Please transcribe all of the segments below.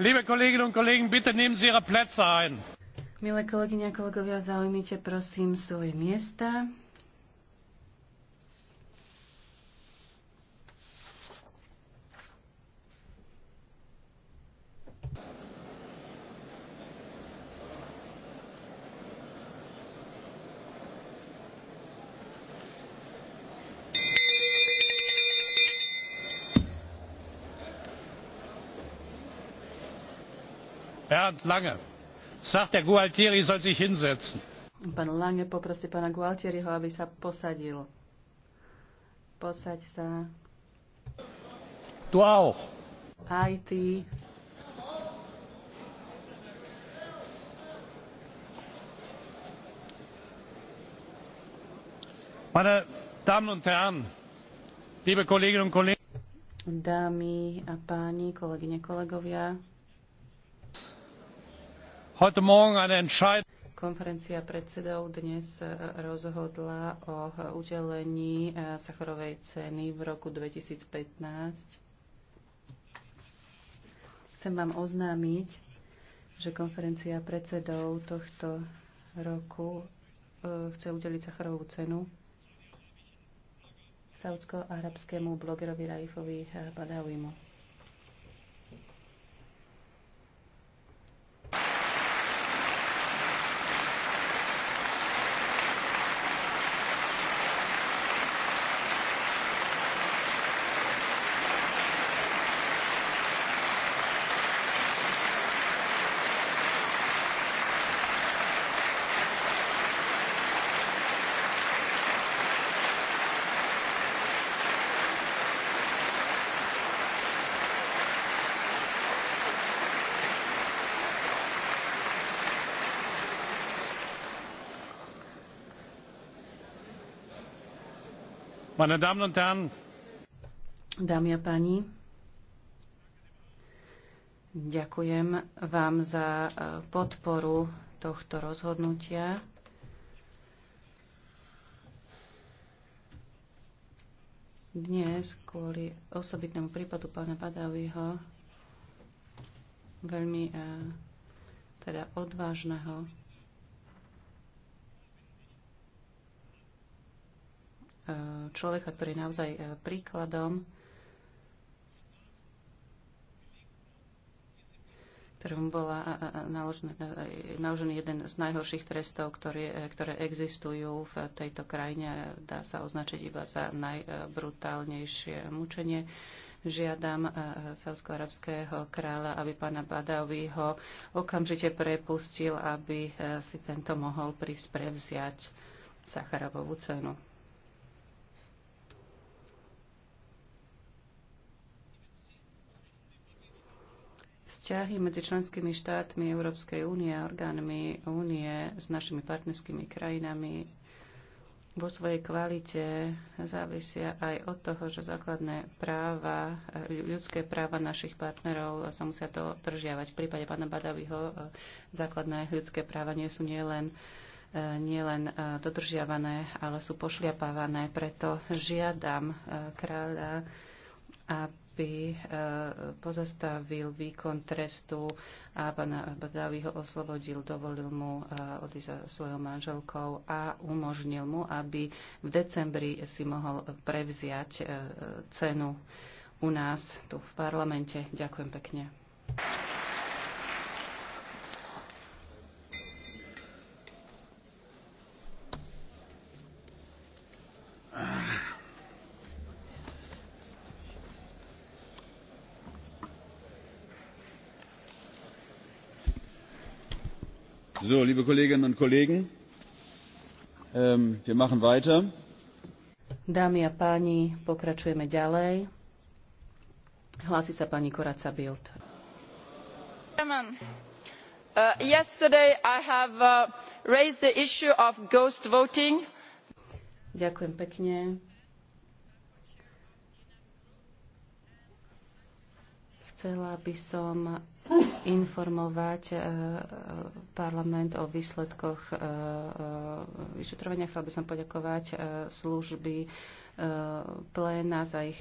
Liebe Kolleginnen und Kollegen, bitte nehmen Sie Ihre Plätze ein. Milé kolegyne a kolegovia, zaujmite prosím svoje miesta. bernd lange sagt der gualtieri soll sich hinsetzen. Pán Lange poprosí pána Gualtieriho, aby sa posadil. Posaď sa. Du auch. Aj ty. Meine Damen und Herren, liebe Kolleginnen und Kollegen. Dámy a páni, kolegyne, kolegovia, heute Morgen eine Entscheidung. Konferencia predsedov dnes eh, rozhodla o eh, udelení eh, Sachorovej ceny v roku 2015. Chcem vám oznámiť, že konferencia predsedov tohto roku chce udeliť Sacharovú cenu saudsko-arabskému blogerovi Raifovi Badawimu. Meine Damen und Herren, Dámy a páni, ďakujem vám za e, podporu tohto rozhodnutia. Dnes kvôli osobitnému prípadu pána Badaviho veľmi e, teda odvážneho človeka, ktorý je naozaj e, príkladom, ktorom bola e, e, naložený jeden z najhorších trestov, ktoré, ktoré existujú v tejto krajine. Dá sa označiť iba za najbrutálnejšie mučenie. Žiadam saudsko-arabského kráľa, aby pána Badawi ho okamžite prepustil, aby si tento mohol prísť prevziať Sacharovovú cenu. vzťahy medzi členskými štátmi Európskej únie a orgánmi únie s našimi partnerskými krajinami vo svojej kvalite závisia aj od toho, že základné práva, ľudské práva našich partnerov sa musia to držiavať. V prípade pána Badaviho eh, základné ľudské práva nie sú nielen eh, nielen eh, dodržiavané, ale sú pošliapávané. Preto žiadam kráľa, by e, pozastavil výkon trestu a pána ho oslobodil, dovolil mu e, odísť za svojou manželkou a umožnil mu, aby v decembri si mohol prevziať e, cenu u nás tu v parlamente. Ďakujem pekne. So, liebe Kolleginnen und Kollegen, ähm, wir machen weiter. Dámy a páni, pokračujeme ďalej. Hlási sa pani Koraca Bild. Uh, yesterday I have uh, raised the issue of ghost voting. Ďakujem pekne. Chcela by som informovať e, e, parlament o výsledkoch e, vyšetrovania. Chcel by som poďakovať služby pléna za ich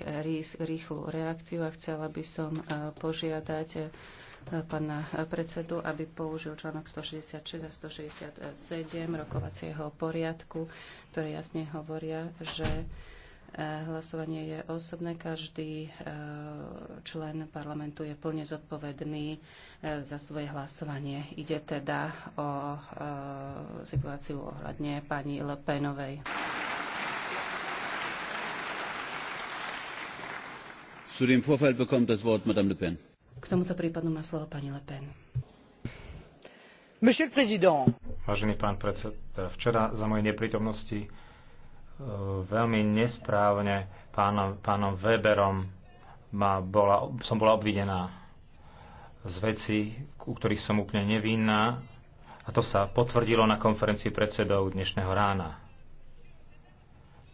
rýchlu reakciu a chcela by som požiadať pána predsedu, aby použil článok 166 a 167 rokovacieho poriadku, ktoré jasne hovoria, že E, hlasovanie je osobné. Každý e, člen parlamentu je plne zodpovedný e, za svoje hlasovanie. Ide teda o situáciu ohľadne pani Le Penovej. K tomuto prípadu má slovo pani Le Pen. Monsieur le Président. Vážený pán predseda, včera za mojej neprítomnosti veľmi nesprávne pánom, pánom Weberom ma bola, som bola obvidená z veci, u ktorých som úplne nevinná a to sa potvrdilo na konferencii predsedov dnešného rána.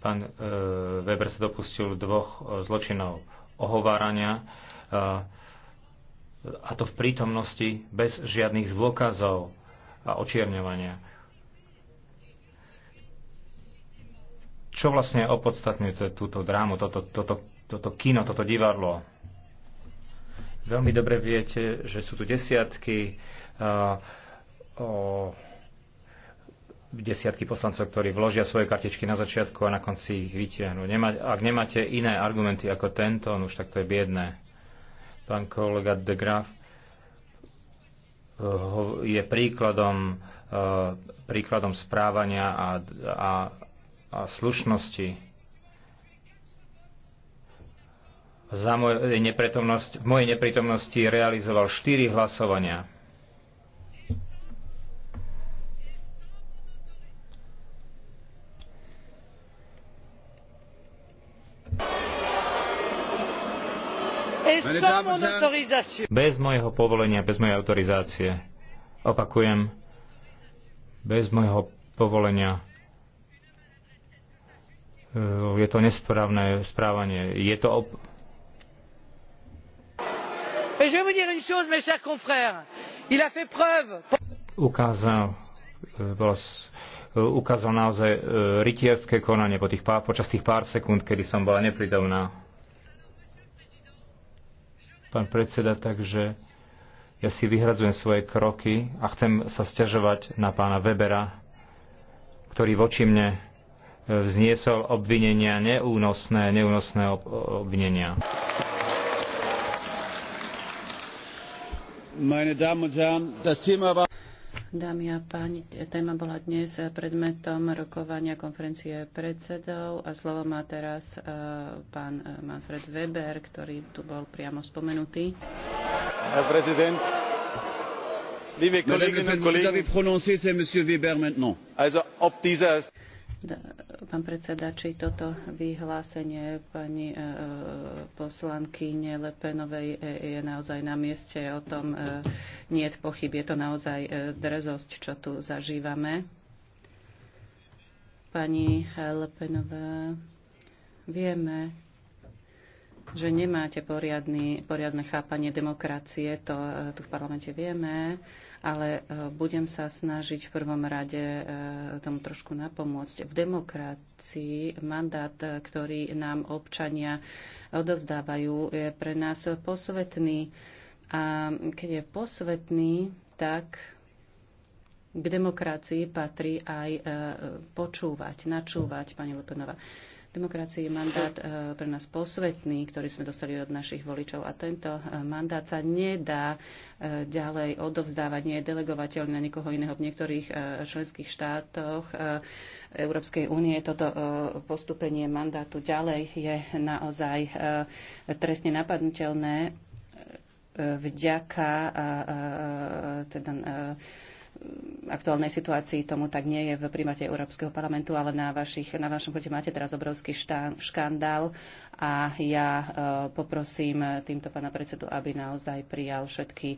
Pán e, Weber sa dopustil dvoch e, zločinov ohovárania e, a to v prítomnosti bez žiadnych dôkazov a očierňovania Čo vlastne opodstatňuje túto drámu, toto, toto, toto kino, toto divadlo? Veľmi dobre viete, že sú tu desiatky, uh, o, desiatky poslancov, ktorí vložia svoje kartičky na začiatku a na konci ich vytiahnu. Nemá, ak nemáte iné argumenty ako tento, no už tak to je biedné. Pán kolega de Graaf, eh, je príkladom, eh, príkladom správania a, a a slušnosti. Za moje neprítomnosť, v mojej neprítomnosti realizoval štyri hlasovania. Bez mojho povolenia, bez mojej autorizácie. Opakujem, bez mojho povolenia. Eh, je to nesprávne správanie. Je to op- Ukázal, bol, ukázal naozaj eh, rytierské konanie po tých pár, počas tých pár sekúnd, kedy som bola nepridomná. Pán predseda, takže ja si vyhradzujem svoje kroky a chcem sa stiažovať na pána Webera, ktorý voči mne vzniesol obvinenia neúnosné, neúnosné obvinenia. Dámy a páni, téma bola dnes predmetom rokovania konferencie predsedov a slovo má teraz e, pán e, Manfred Weber, ktorý tu bol priamo spomenutý. Herr Präsident, liebe Kolleginnen und Kollegen, also ob dieser pán predseda, či toto vyhlásenie pani e, e, poslankyne Lepenovej e, je naozaj na mieste. O tom nie je pochyb. Je to naozaj drezosť, čo tu zažívame. Pani Lepenová, vieme, že nemáte poriadny, poriadne chápanie demokracie, to e, tu v parlamente vieme, ale e, budem sa snažiť v prvom rade e, tomu trošku napomôcť. V demokracii mandát, ktorý nám občania odovzdávajú, je pre nás posvetný. A keď je posvetný, tak k demokracii patrí aj počúvať, načúvať, pani Lepenová. Demokracii je mandát eh, pre nás posvetný, ktorý sme dostali od našich voličov a tento eh, mandát sa nedá eh, ďalej odovzdávať, nie je delegovateľný na nikoho iného. V niektorých členských štátoch Európskej únie toto postupenie mandátu ďalej je naozaj trestne napadnutelné vďaka teda aktuálnej situácii tomu tak nie je v primate Európskeho parlamentu, ale na, vašich, na vašom proti máte teraz obrovský štán, škandál a ja e, poprosím týmto pána predsedu, aby naozaj prijal všetky e,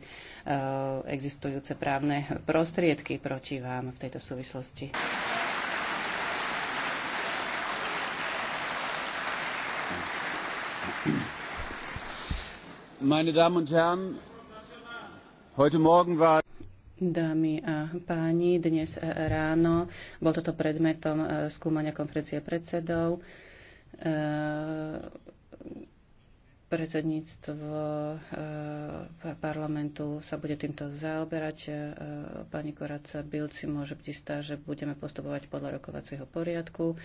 existujúce právne prostriedky proti vám v tejto súvislosti. Meine Damen und Herren, heute Morgen war Dámy a páni, dnes ráno bol toto predmetom eh, skúmania konferencie predsedov. Eh, predsedníctvo eh, parlamentu sa bude týmto zaoberať. Pani Koráca Bilci môže byť istá, že budeme postupovať podľa rokovacieho poriadku.